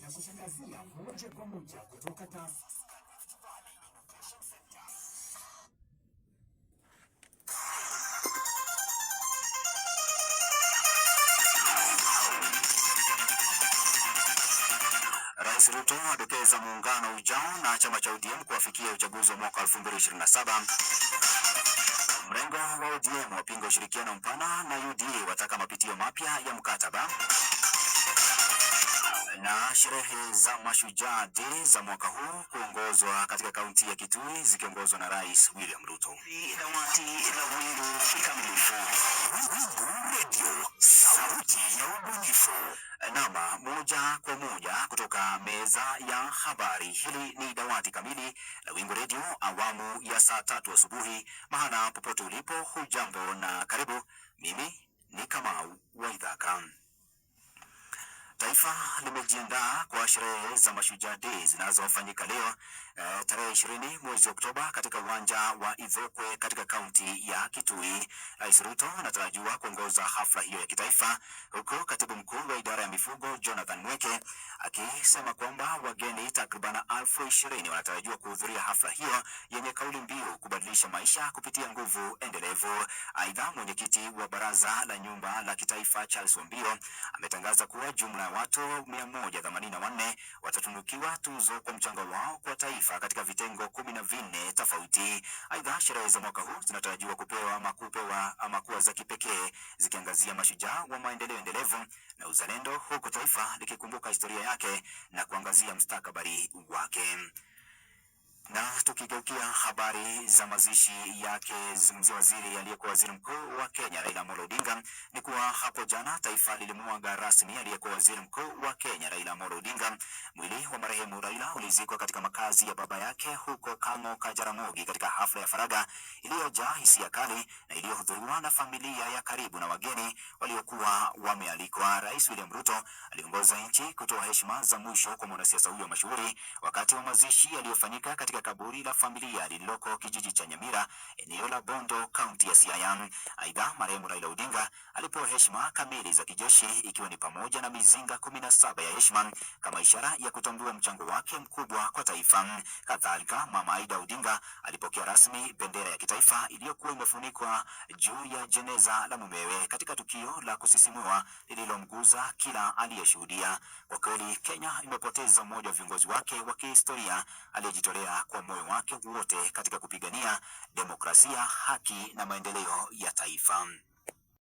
na kutangazia moja kwa moja kutoka taasisi Rais Ruto adokeza muungano ujao na chama cha ODM kuwafikia uchaguzi wa mwaka 2027. Mrengo wa ODM wapinga ushirikiano mpana na UDA, wataka mapitio mapya ya mkataba. Na sherehe za mashujaa day za mwaka huu kuongozwa katika kaunti ya Kitui zikiongozwa na Rais William Ruto. Dawati la wingu kikamilifu. kutoka meza ya habari. Hili ni dawati kamili la Wingu Redio awamu ya saa tatu asubuhi. Mahala popote ulipo, hujambo na karibu. Mimi ni Kamau waidhaka taifa limejiandaa kwa sherehe za Mashujaa Day zinazofanyika leo eh, tarehe ishirini mwezi Oktoba katika uwanja wa Ivekwe katika kaunti ya Kitui. Rais Ruto anatarajiwa kuongoza hafla hiyo ya kitaifa, huku katibu mkuu wa idara ya mifugo Jonathan Mweke akisema kwamba wageni takriban elfu ishirini wanatarajiwa kuhudhuria hafla hiyo yenye kauli mbiu kubadilisha maisha kupitia nguvu endelevu. Aidha, mwenyekiti wa baraza la nyumba la kitaifa Charles Wambio ametangaza kuwa jumla ya watu watoto 184 watatunukiwa tuzo kwa mchango wao kwa taifa katika vitengo kumi na vinne tofauti. Aidha, sherehe za mwaka huu zinatarajiwa kupewa ama kupewa ama kuwa za kipekee zikiangazia mashujaa wa maendeleo endelevu na uzalendo, huku taifa likikumbuka historia yake na kuangazia mstakabali wake. Na tukigeukia habari za mazishi yake zungumzia waziri aliyekuwa waziri mkuu wa Kenya Raila Amolo Odinga, ni kuwa hapo jana taifa lilimwaga rasmi aliyekuwa waziri mkuu wa Kenya Raila Amolo Odinga. Mwili wa marehemu Raila ulizikwa katika makazi ya baba yake huko kano Kajaramogi, katika hafla ya faraga iliyojaa hisia kali na iliyohudhuriwa na familia ya karibu na wageni waliokuwa wamealikwa. Rais William Ruto aliongoza nchi kutoa heshima za mwisho kwa mwanasiasa huyo mashuhuri wakati wa mazishi yaliyofanyika katika ya kaburi la familia lililoko kijiji cha Nyamira, eneo la Bondo, kaunti ya Siaya. Aidha, marehemu Raila Odinga alipewa heshima kamili za kijeshi ikiwa ni pamoja na mizinga kumi na saba ya heshima kama ishara ya kutambua mchango wake mkubwa kwa taifa. Kadhalika, mama Aida Odinga alipokea rasmi bendera ya kitaifa iliyokuwa imefunikwa juu ya jeneza la mumewe katika tukio la kusisimua lililomguza kila aliyeshuhudia. Kwa kweli, Kenya imepoteza mmoja wa viongozi wake wa kihistoria aliyejitolea kwa moyo wake wote katika kupigania demokrasia, haki na maendeleo ya taifa.